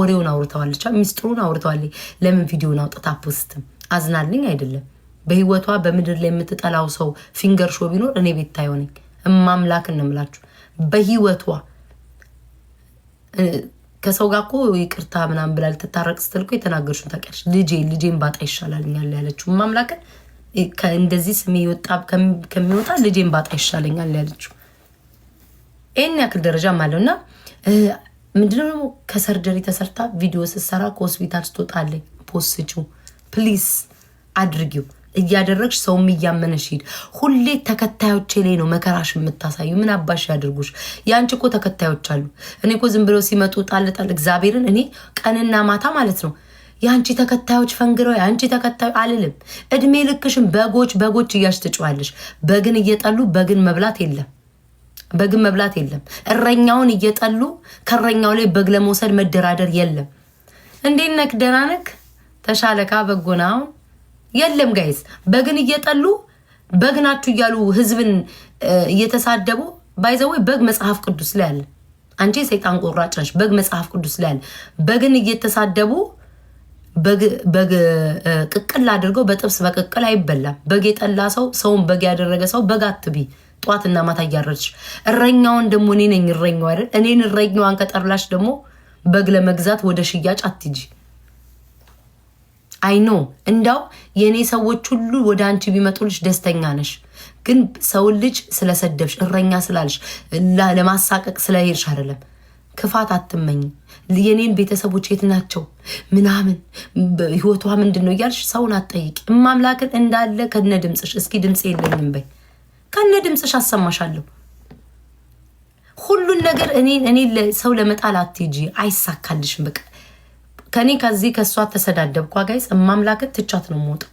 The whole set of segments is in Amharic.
ወሬውን አውርተዋለች፣ ሚስጥሩን አውርተዋል። ለምን ቪዲዮን አውጥታ ፖስትም አዝናልኝ አይደለም። በህይወቷ በምድር ላይ የምትጠላው ሰው ፊንገር ሾ ቢኖር እኔ ቤት ታይሆነኝ እማምላክ እንምላችሁ በህይወቷ ከሰው ጋር እኮ ይቅርታ ምናምን ብላ ልትታረቅ ስትል እኮ የተናገርሽውን ታውቂያለሽ። ልጄ ልጄን ባጣ ይሻላልኛል ያለችው ማምላክን እንደዚህ ስሜ ወጣ ከሚወጣ ልጄን ባጣ ይሻለኛል ያለችው ይህን ያክል ደረጃ አለው እና ምንድነው ደግሞ ከሰርጀሪ ተሰርታ ቪዲዮ ስትሰራ ከሆስፒታል ስትወጣለኝ ፖስችው ፕሊስ አድርጊው። እያደረግሽ ሰውም እያመነሽ ሂድ። ሁሌ ተከታዮቼ ላይ ነው መከራሽ የምታሳዩ። ምን አባሽ ያድርጉሽ? የአንቺ እኮ ተከታዮች አሉ። እኔ እኮ ዝም ብለው ሲመጡ ጣልጣል እግዚአብሔርን እኔ ቀንና ማታ ማለት ነው የአንቺ ተከታዮች ፈንግረው የአንቺ ተከታዮ አልልም። እድሜ ልክሽን በጎች በጎች እያሽ ትጫዋለሽ። በግን እየጠሉ በግን መብላት የለም። በግን መብላት የለም። እረኛውን እየጠሉ ከእረኛው ላይ በግ ለመውሰድ መደራደር የለም። እንዴት ነክ? ደህና ነክ? ተሻለካ? በጎናው የለም ጋይዝ፣ በግን እየጠሉ በግ ናችሁ እያሉ ህዝብን እየተሳደቡ ባይዘወይ በግ መጽሐፍ ቅዱስ ላይ አለ። አንቺ ሰይጣን ቆራጭ ነሽ። በግ መጽሐፍ ቅዱስ ላይ አለ። በግን እየተሳደቡ በግ ቅቅል አድርገው በጥብስ በቅቅል አይበላም። በግ የጠላ ሰው ሰውን በግ ያደረገ ሰው በግ አትቢ ጧትና ማታ እያረች እረኛውን ደግሞ እኔ ነኝ እረኛው አይደል? እኔን እረኛዋን ከጠርላሽ ደግሞ በግ ለመግዛት ወደ ሽያጭ አትጂ። አይ ኖ እንዳው የእኔ ሰዎች ሁሉ ወደ አንቺ ቢመጡልሽ ደስተኛ ነሽ። ግን ሰውን ልጅ ስለሰደብሽ እረኛ ስላልሽ ለማሳቀቅ ስለሄድሽ አይደለም። ክፋት አትመኝ። የኔን ቤተሰቦች የት ናቸው ምናምን ህይወቷ ምንድን ነው እያልሽ ሰውን አትጠይቂ። እማምላክን እንዳለ ከነ ድምፅሽ እስኪ ድምፅ የለኝም በይ ከነ ድምፅሽ አሰማሻለሁ። ሁሉን ነገር እኔን እኔ ሰው ለመጣል አትሄጂ፣ አይሳካልሽም። በቃ ከኔ ከዚህ ከእሷ ተሰዳደብኳ ጋይስ እማምላክት ትቻት ነው የምወጣው።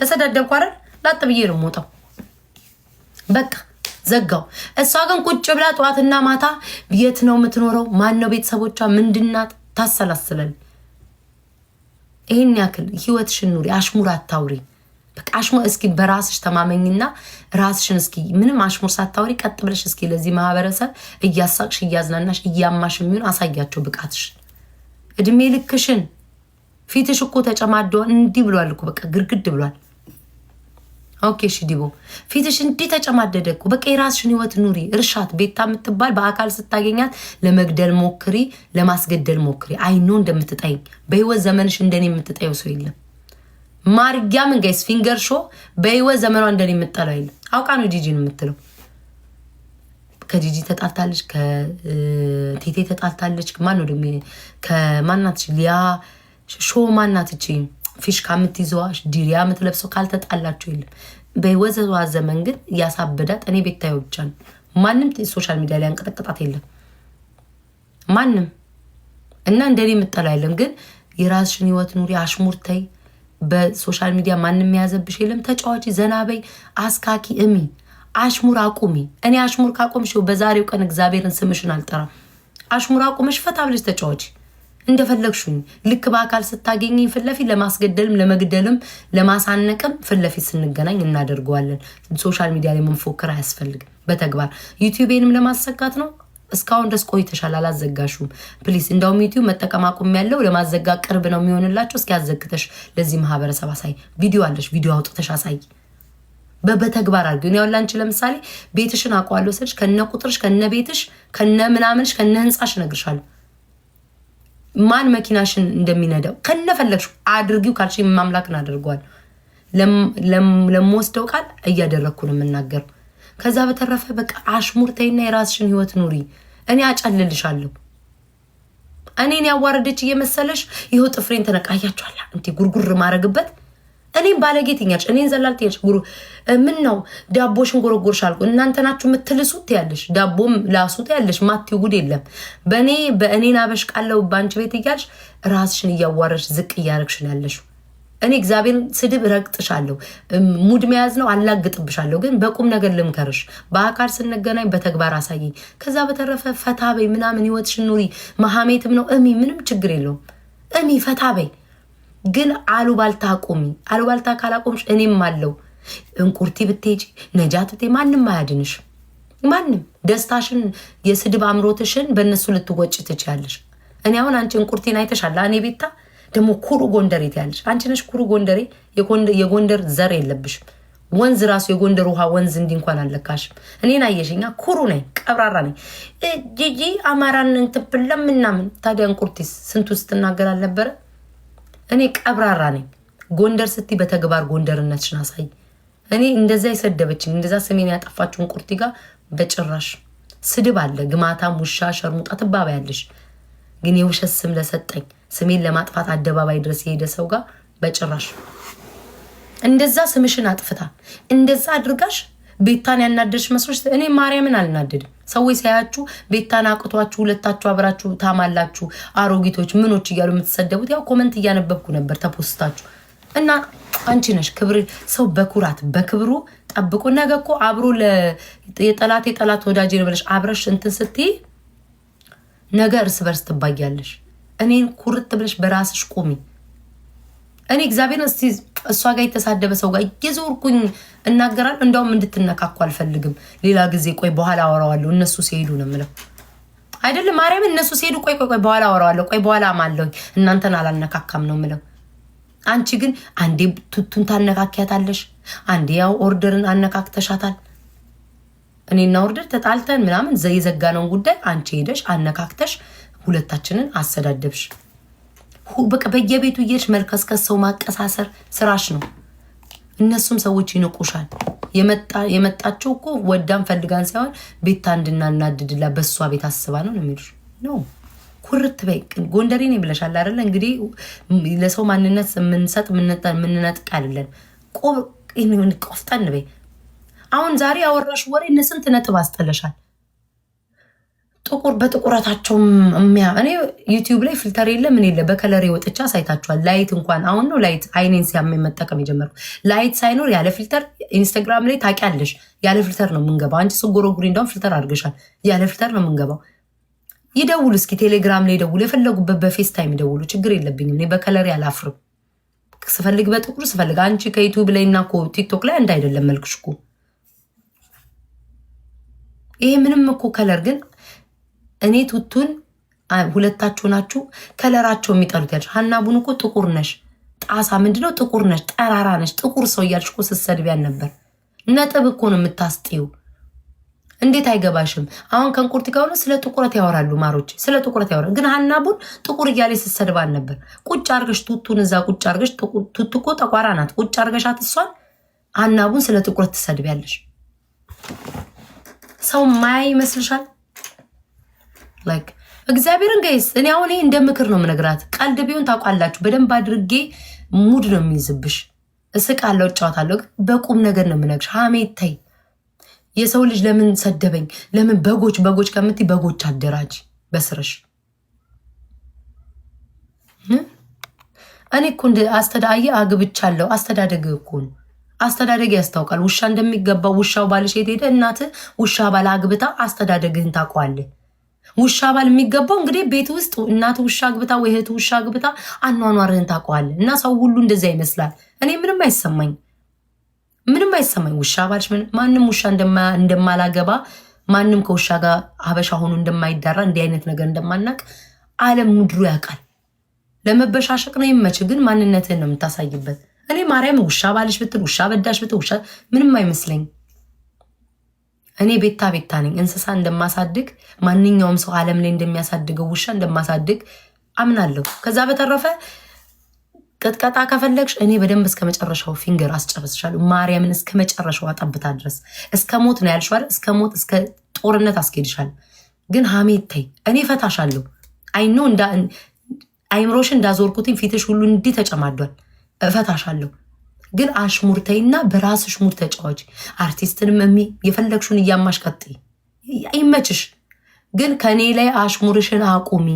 ተሰዳደብኳ አይደል ላጥ ብዬ ነው የምወጣው። በቃ ዘጋው። እሷ ግን ቁጭ ብላ ጠዋትና ማታ የት ነው የምትኖረው? ማን ነው ቤተሰቦቿ? ምንድናት? ታሰላስለል ይህን ያክል ህይወትሽን ኑሪ፣ አሽሙር አታውሪ። አሽሞ እስኪ በራስሽ ተማመኝና ራስሽን እስኪ ምንም አሽሙር ሳታወሪ ቀጥ ብለሽ እስኪ ለዚህ ማህበረሰብ እያሳቅሽ እያዝናናሽ እያማሽ የሚሆን አሳያቸው ብቃትሽ እድሜ ልክሽን። ፊትሽ እኮ ተጨማደዋል። እንዲህ ብሏል እኮ በቃ ግርግድ ብሏል። ኦኬ እሺ ዲቦ ፊትሽ እንዲህ ተጨማደደ እኮ በቃ የራስሽን ህይወት ኑሪ። እርሻት ቤታ የምትባል በአካል ስታገኛት ለመግደል ሞክሪ፣ ለማስገደል ሞክሪ። አይኖ እንደምትጠይኝ በህይወት ዘመንሽ እንደኔ የምትጠየው ሰው የለም። ማርጊያ ምን ጋይስ ፊንገር ሾ በህይወት ዘመኗ እንደኔ የምጠለው የለም። አውቃ ነው ጂጂን የምትለው። ከጂጂ ተጣልታለች፣ ከቴቴ ተጣልታለች። ማን ነው ደግሞ ከማናት ሊያ ሾ ማናት እቺ ፊሽካ የምትይዘዋ ዲሪያ የምትለብሰው ካልተጣላቸው የለም። በህይወት ዘመን ግን ያሳበዳት እኔ ታየው ብቻ ነው። ማንም ሶሻል ሚዲያ ላይ አንቀጠቅጣት የለም ማንም እና እንደኔ የምጠለው የለም። ግን የራስሽን ህይወት ኑሪ፣ አሽሙርተይ በሶሻል ሚዲያ ማንም የያዘብሽ የለም። ተጫዋች ዘናበይ፣ አስካኪ እሚ፣ አሽሙር አቁሚ። እኔ አሽሙር ካቆምሽ በዛሬው ቀን እግዚአብሔርን ስምሽን አልጠራም። አሽሙር አቁመሽ ፈታ ብለሽ ተጫዋች እንደፈለግሹኝ ልክ በአካል ስታገኘኝ ፊት ለማስገደልም ለመግደልም ለማሳነቅም ፊት ስንገናኝ እናደርገዋለን። ሶሻል ሚዲያ ላይ መንፎከር አያስፈልግም። በተግባር ዩቲዩቤንም ለማሰጋት ነው እስካሁን ድረስ ቆይተሻል፣ አላዘጋሹም። ፕሊስ እንደውም ዩቲዩብ መጠቀም አቁም ያለው ለማዘጋ ቅርብ ነው የሚሆንላቸው። እስኪ አዘግተሽ ለዚህ ማህበረሰብ አሳይ። ቪዲዮ አለሽ፣ ቪዲዮ አውጥተሽ አሳይ። በተግባር አድርጊ። ያው ላንቺ ለምሳሌ ቤትሽን አውቀዋለሁ ስልሽ ከነ ቁጥርሽ ከነ ቤትሽ ከነ ምናምንሽ ከነ ህንፃሽ እነግርሻለሁ። ማን መኪናሽን እንደሚነዳው ከነፈለግሽ አድርጊው ካልሽ ማምላክን አድርጓል። ለምወስደው ቃል እያደረግኩ ነው የምናገረው። ከዛ በተረፈ በቃ አሽሙር ተይና የራስሽን ህይወት ኑሪ። እኔ አጨልልሻለሁ። እኔን ያዋረደች እየመሰለሽ ይኸው ጥፍሬን ተነቃያችኋላ። እንዲ ጉርጉር ማድረግበት እኔም ባለጌ ትኛለሽ፣ እኔን ዘላል ትኛለሽ። ጉሩ ምን ነው ዳቦሽን ጎረጎርሽ አልኩ። እናንተ ናችሁ የምትልሱት ያለሽ ዳቦም ላሱት ያለሽ ማትዩ ጉድ የለም። በእኔ በእኔን አበሽቃለሁ በአንቺ ቤት እያልሽ ራስሽን እያዋረሽ ዝቅ እያረግሽን ያለሽው እኔ እግዚአብሔርን ስድብ ረግጥሻለሁ፣ ሙድ መያዝ ነው አላግጥብሻለሁ። ግን በቁም ነገር ልምከርሽ፣ በአካል ስንገናኝ በተግባር አሳይኝ። ከዛ በተረፈ ፈታ በይ ምናምን ህይወትሽን ኑሪ። መሐሜትም ነው እሚ፣ ምንም ችግር የለውም እሚ፣ ፈታ በይ ግን አሉባልታ አቁሚ። አሉባልታ ካላቆምሽ እኔም አለው እንቁርቲ ብትሄጂ ነጃት ብትሄጂ ማንም አያድንሽ። ማንም ደስታሽን የስድብ አምሮትሽን በእነሱ ልትወጭ ትችያለሽ። እኔ አሁን አንቺ እንቁርቲን አይተሻላ እኔ ቤታ ደግሞ ኩሩ ጎንደሬ ትያለሽ። አንቺ ነሽ ኩሩ ጎንደሬ። የጎንደር ዘር የለብሽም። ወንዝ ራሱ የጎንደር ውሃ ወንዝ እንዲ እንኳን አለካሽም። እኔን አየሽኛ፣ ኩሩ ነኝ፣ ቀብራራ ነኝ። ጂጂ አማራን እንትብል ለምናምን ታዲያን ቁርቲስ ስንቱ ስትናገር አልነበረ? እኔ ቀብራራ ነኝ። ጎንደር ስቲ በተግባር ጎንደርነትሽን አሳይ። እኔ እንደዛ የሰደበችኝ እንደዛ ስሜን ያጠፋችውን ቁርቲ ጋር በጭራሽ ስድብ አለ። ግማታም ውሻ ሸርሙጣ ትባባያለሽ። ግን የውሸት ስም ለሰጠኝ ስሜን ለማጥፋት አደባባይ ድረስ የሄደ ሰው ጋር በጭራሽ። እንደዛ ስምሽን አጥፍታ እንደዛ አድርጋሽ ቤታን ያናደድሽ መስሎች። እኔ ማርያምን አልናደድም። ሰዎች ሲያያችሁ ቤታን አቅቷችሁ ሁለታችሁ አብራችሁ ታማላችሁ፣ አሮጊቶች ምኖች እያሉ የምትሰደቡት ያው ኮመንት እያነበብኩ ነበር ተፖስታችሁ እና አንቺ ነሽ ክብር ሰው በኩራት በክብሩ ጠብቆ ነገ እኮ አብሮ የጠላት የጠላት ወዳጅ ነው ብለሽ አብረሽ እንትን ስትይ ነገ እርስ በርስ ትባያለሽ። እኔን ኩርት ብለሽ በራስሽ ቆሚ። እኔ እግዚአብሔር እስቲ እሷ ጋር የተሳደበ ሰው ጋር እየዞርኩኝ እናገራል። እንደውም እንድትነካኩ አልፈልግም። ሌላ ጊዜ ቆይ፣ በኋላ አወራዋለሁ። እነሱ ሲሄዱ ነው የምለው አይደለም ማርያም፣ እነሱ ሲሄዱ ቆይ ቆይ ቆይ፣ በኋላ አወራዋለሁ። ቆይ በኋላ ማለሁ፣ እናንተን አላነካካም ነው የምለው። አንቺ ግን አንዴ ቱቱን ታነካኪያታለሽ፣ አንዴ ያው ኦርደርን አነካክተሻታል። እኔና ኦርደር ተጣልተን ምናምን የዘጋነውን ጉዳይ አንቺ ሄደሽ አነካክተሽ ሁለታችንን አሰዳደብሽ። በቃ በየቤቱ እየሄድሽ መልከስከስ፣ ሰው ማቀሳሰር ስራሽ ነው። እነሱም ሰዎች ይንቁሻል። የመጣችው እኮ ወዳን ፈልጋን ሳይሆን ቤታ እንድናናድድላ በእሷ ቤት አስባ ነው ነው የሚሉሽ ነው። ኩርት በይ ጎንደሬ ነኝ ብለሻል አይደለ? እንግዲህ ለሰው ማንነት የምንሰጥ የምንነጥቅ አይደለን። ቆፍጠን በይ። አሁን ዛሬ ያወራሽ ወሬ እነ ስንት ነጥብ አስጠለሻል። ጥቁር በጥቁረታቸው እኔ ዩቲዩብ ላይ ፊልተር የለ ምን የለ በከለሬ ወጥቻ ሳይታችኋል። ላይት እንኳን አሁን ነው ላይት አይኔን ሲያመኝ መጠቀም የጀመርኩ። ላይት ሳይኖር ያለ ፊልተር ኢንስታግራም ላይ ታውቂያለሽ፣ ያለ ፊልተር ነው የምንገባው። አንቺ ስጎረጉሪ እንዳውም ፊልተር አድርገሻል። ያለ ፊልተር ነው የምንገባው። ይደውሉ እስኪ፣ ቴሌግራም ላይ ይደውሉ፣ የፈለጉበት በፌስ ታይም ይደውሉ፣ ችግር የለብኝም። እኔ በከለሬ አላፍርም። ስፈልግ በጥቁር ስፈልግ አንቺ ከዩቲዩብ ላይ እና ቲክቶክ ላይ አንድ አይደለም መልክሽ እኮ ይሄ ምንም እኮ ከለር ግን እኔ ቱቱን ሁለታችሁ ናችሁ ከለራቸው የሚጠሩ ያለች ሀና ቡን እኮ ጥቁር ነሽ፣ ጣሳ ምንድነው ጥቁር ነሽ፣ ጠራራ ነሽ፣ ጥቁር ሰው እያልሽ እኮ ስትሰድቢያን ነበር። ነጥብ እኮ ነው የምታስጥዩ። እንዴት አይገባሽም? አሁን ከንቁርቲ ከሆነ ስለ ጥቁረት ያወራሉ ማሮች፣ ስለ ጥቁረት ያወራሉ። ግን ሀና ቡን ጥቁር እያለ ስትሰድባን ነበር። ቁጭ አርገሽ ቱቱን እዛ ቁጭ አርገሽ፣ ቱቱ እኮ ጠቋራ ናት። ቁጭ አርገሻት እሷን ሀና ቡን ስለ ጥቁረት ትሰድቢያለሽ። ሰው ማያ ይመስልሻል? ላይክ እግዚአብሔርን ጋይስ፣ እኔ አሁን ይሄ እንደ ምክር ነው የምነግራት። ቀልድ ቢሆን ታውቋላችሁ። በደንብ አድርጌ ሙድ ነው የሚይዝብሽ። እስቃለሁ፣ እጫወታለሁ፣ በቁም ነገር ነው የምነግርሽ። ሀሜ ተይ። የሰው ልጅ ለምን ሰደበኝ፣ ለምን በጎች በጎች ከምትይ በጎች አደራጅ በስረሽ። እኔ እኮ እንደ አስተዳየ አግብቻለሁ። አስተዳደግ እኮ ነው አስተዳደግ ያስታውቃል። ውሻ እንደሚገባው ውሻው ባልሽ የት ሄደ እናት ውሻ ባል አግብታ አስተዳደግህን ታውቀዋለህ። ውሻ ባል የሚገባው እንግዲህ ቤት ውስጥ እናት ውሻ ግብታ ወይ እህት ውሻ ግብታ አኗኗርህን ታውቀዋለህ። እና ሰው ሁሉ እንደዚያ ይመስላል። እኔ ምንም አይሰማኝ ምንም አይሰማኝ። ውሻ ባልሽ ማንም ውሻ እንደማላገባ ማንም ከውሻ ጋር ሀበሻ ሆኖ እንደማይዳራ እንዲህ አይነት ነገር እንደማናቅ ዓለም ምድሩ ያውቃል። ለመበሻሸቅ ነው ይመች፣ ግን ማንነትህን ነው የምታሳይበት። እኔ ማርያም ውሻ ባልሽ ብትል ውሻ በዳሽ ብትል ውሻ ምንም አይመስለኝ። እኔ ቤታ ቤታ ነኝ። እንስሳ እንደማሳድግ ማንኛውም ሰው ዓለም ላይ እንደሚያሳድገው ውሻ እንደማሳድግ አምናለሁ። ከዛ በተረፈ ቅጥቀጣ ከፈለግሽ እኔ በደንብ እስከ መጨረሻው ፊንገር አስጨርስሻለሁ። ማርያምን እስከ መጨረሻው አጠብታ ድረስ እስከ ሞት ነው ያልሽዋል። እስከ ሞት እስከ ጦርነት አስኬድሻል። ግን ሀሜት ተይ፣ እኔ ፈታሻለሁ። አይኖ አይምሮሽ እንዳዞርኩትኝ ፊትሽ ሁሉ እንዲህ ተጨማዷል። እፈታሻለሁ። ግን አሽሙርተይና በራስ ሽሙር ተጫዋች አርቲስትንም እሚ የፈለግሽውን እያማሽ ቀጥይ፣ ይመችሽ። ግን ከኔ ላይ አሽሙርሽን አቁሚ።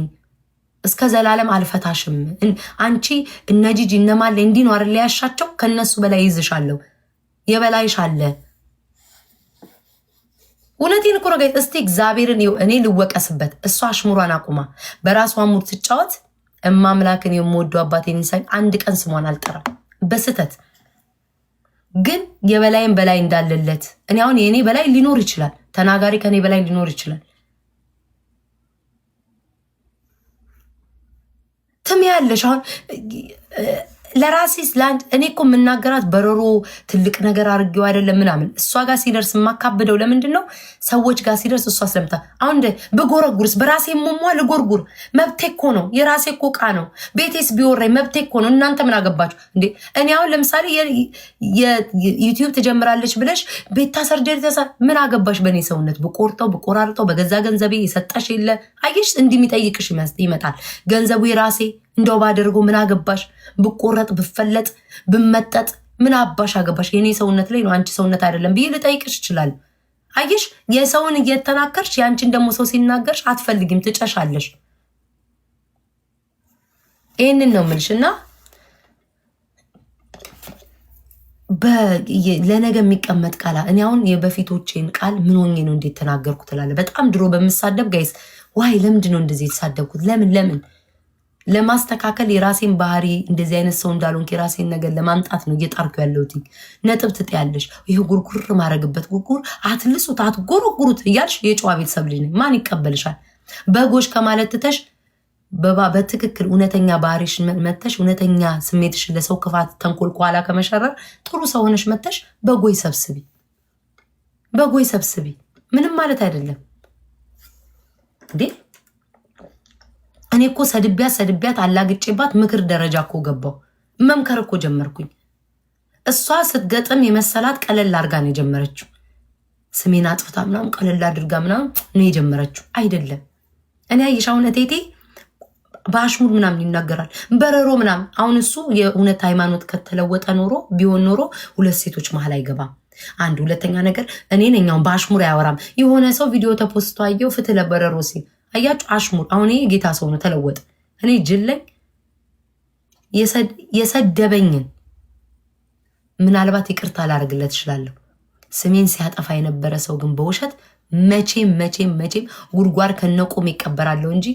እስከ ዘላለም አልፈታሽም። አንቺ እነ ጂጂ እነማለ እንዲህ ነው አይደል ያሻቸው። ከነሱ በላይ ይዝሻለሁ፣ የበላይሽ አለ። እውነቴን እኮ ረጋ። እስቲ እግዚአብሔርን እኔ ልወቀስበት። እሷ አሽሙሯን አቁማ በራሷ ሙር ትጫወት። እማምላክን የምወዱ አባቴን ሳይ አንድ ቀን ስሟን አልጠራም በስተት ግን የበላይም በላይ እንዳለለት እኔ አሁን የእኔ በላይ ሊኖር ይችላል። ተናጋሪ ከእኔ በላይ ሊኖር ይችላል። ትም ያለሽ አሁን ለራሴ ለአንድ እኔ እኮ የምናገራት በረሮ ትልቅ ነገር አድርጌው አይደለም ምናምን። እሷ ጋር ሲደርስ የማካብደው ለምንድን ነው? ሰዎች ጋር ሲደርስ እሷ ስለምታ አሁን ብጎረጉርስ በራሴ ሙሟ ልጎርጉር መብቴ እኮ ነው። የራሴ እኮ ዕቃ ነው። ቤቴስ ቢወራኝ መብቴ እኮ ነው። እናንተ ምን አገባችሁ እንዴ? እኔ አሁን ለምሳሌ ዩቲዩብ ትጀምራለች ብለሽ ቤታ ሰርጀሪ ተሳ ምን አገባሽ? በእኔ ሰውነት ብቆርጠው ብቆራርጠው በገዛ ገንዘቤ የሰጠሽ የለ አየሽ፣ እንዲህ የሚጠይቅሽ ይመጣል። ገንዘቡ የራሴ እንደው ባደርጎ ምን አገባሽ? ብቆረጥ ብፈለጥ ብመጠጥ ምን አባሽ አገባሽ? የኔ ሰውነት ላይ ነው አንቺ ሰውነት አይደለም ብዬ ልጠይቅሽ ይችላል። አየሽ፣ የሰውን እየተናከርሽ የአንቺን ደግሞ ሰው ሲናገርሽ አትፈልጊም፣ ትጨሻለሽ። ይህንን ነው ምልሽ እና ለነገ የሚቀመጥ ቃል እኔ አሁን የበፊቶቼን ቃል ምን ሆኜ ነው እንዴት ተናገርኩት እላለሁ። በጣም ድሮ በምሳደብ ጋይስ ዋይ፣ ለምንድን ነው እንደዚህ የተሳደብኩት? ለምን ለምን ለማስተካከል የራሴን ባህሪ እንደዚህ አይነት ሰው እንዳልሆንክ የራሴን ነገር ለማምጣት ነው እየጣርኩ ያለሁት። ነጥብ ትጥያለሽ። ይህ ጉርጉር ማረግበት ጉርጉር አትልሱት፣ አትጎረጉሩት እያልሽ የጨዋ ቤተሰብ ልጅ ነኝ ማን ይቀበልሻል? በጎሽ ከማለት ትተሽ በትክክል እውነተኛ ባህሪሽ መተሽ እውነተኛ ስሜትሽን ለሰው ክፋት፣ ተንኮል ከኋላ ከመሸረር ጥሩ ሰው ሆነሽ መተሽ በጎይ ሰብስቢ፣ በጎይ ሰብስቢ። ምንም ማለት አይደለም እንዴ እኔ እኮ ሰድቢያት ሰድቢያት አላግጬባት ምክር ደረጃ እኮ ገባው መምከር እኮ ጀመርኩኝ። እሷ ስትገጥም የመሰላት ቀለል አድርጋ ነው የጀመረችው። ስሜን አጥፍታ ምናም ቀለል አድርጋ ምናም ነው የጀመረችው። አይደለም እኔ የሻውነ ቴቴ በአሽሙር ምናምን ይናገራል በረሮ ምናምን። አሁን እሱ የእውነት ሃይማኖት ከተለወጠ ኖሮ ቢሆን ኖሮ ሁለት ሴቶች መሀል አይገባም። አንድ ሁለተኛ ነገር እኔ ነኛውን በአሽሙር አያወራም። የሆነ ሰው ቪዲዮ ተፖስቶ አየው ፍትህ ለበረሮ ሲል አያችሁ አሽሙር። አሁን ይሄ ጌታ ሰው ነው ተለወጠ። እኔ ጅል ላይ የሰደበኝን ምናልባት ይቅርታ ላደርግለት እችላለሁ። ስሜን ሲያጠፋ የነበረ ሰው ግን በውሸት መቼም መቼም መቼም ጉድጓድ ከነቆም ይቀበራለሁ እንጂ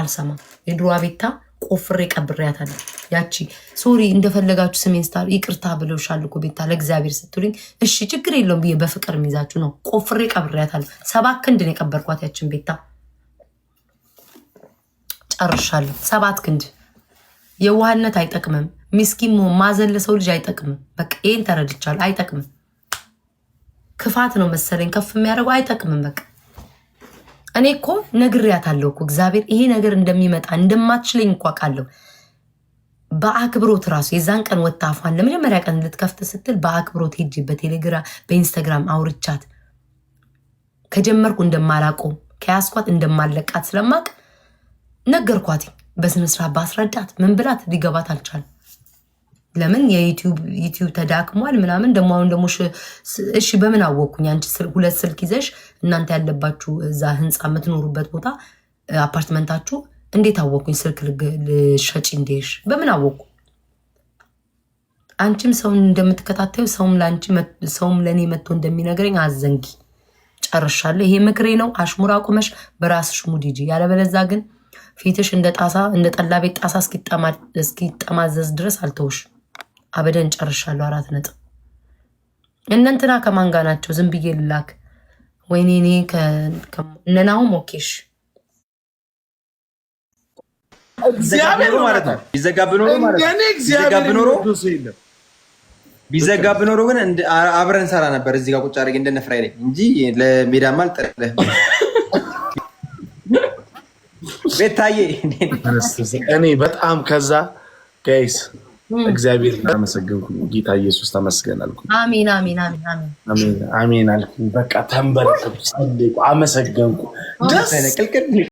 አልሰማም። የድሮዋ ቤታ ቆፍሬ ቀብሬያታለሁ። ያቺ ሶሪ እንደፈለጋችሁ ስሜን ስታሉ ይቅርታ ብለውሻል እኮ ቤታ ለእግዚአብሔር ስትሉኝ እሺ ችግር የለውም ብዬ በፍቅር የሚይዛችሁ ነው። ቆፍሬ ቀብሬያታለሁ። ሰባት ክንድን የቀበርኳት ያችን ቤታ ጨርሻለሁ። ሰባት ክንድ የዋህነት አይጠቅምም። ሚስኪን መሆን ማዘን ለሰው ልጅ አይጠቅምም። በቃ ይህን ተረድቻለሁ። አይጠቅምም። ክፋት ነው መሰለኝ ከፍ የሚያደርገው አይጠቅምም። በቃ እኔ እኮ ነግሬያታለሁ እኮ እግዚአብሔር ይሄ ነገር እንደሚመጣ እንደማትችለኝ እኮ አውቃለሁ። በአክብሮት ራሱ የዛን ቀን ወታፏን ለመጀመሪያ ቀን ልትከፍት ስትል በአክብሮት ሄጅ በቴሌግራ በኢንስታግራም አውርቻት ከጀመርኩ እንደማላቆም ከያስኳት እንደማለቃት ስለማቅ ነገርኳት በስነ ባስረዳት ምን ብላት ሊገባት አልቻለም። ለምን የዩቲዩብ ተዳክሟል ምናምን። ደሞ አሁን ደሞ እሺ በምን አወቅኩኝ? አንቺ ሁለት ስልክ ይዘሽ እናንተ ያለባችሁ እዛ ህንፃ የምትኖሩበት ቦታ አፓርትመንታችሁ እንዴት አወቅኩኝ? ስልክ ልሸጪ እንዴሽ በምን አወቅኩ? አንቺም ሰውን እንደምትከታተዩ ሰውም ለእኔ መጥቶ እንደሚነግረኝ አዘንጊ። ጨርሻለሁ። ይሄ ምክሬ ነው። አሽሙር አቁመሽ በራስሽ ሙድ ሂጂ። ያለበለዛ ግን ፊትሽ እንደ ጣሳ እንደ ጠላ ቤት ጣሳ እስኪጠማዘዝ ድረስ አልተውሽ። አበደን ጨርሻለሁ። አራት ነጥብ። እነንትና ከማን ናቸው? ዝም ብዬ ልላክ። ወይኔ እነናውም ሞኬሽ ቢዘጋ ብኖሮ ግን አብረን ሰራ ነበር። እዚህ ጋር ቁጭ አድርጌ እንደነፍራ እንጂ ለሜዳማ አልጠለህም ቤታዬ እኔ በጣም ከዛ ጋይስ እግዚአብሔር ተመሰገንኩ። ጌታ ኢየሱስ ተመስገን አልኩ። አሜን አሜን አሜን አሜን አሜን አልኩ። በቃ ተንበረከኩ፣ ጸለይኩ፣ አመሰገንኩ። ደስ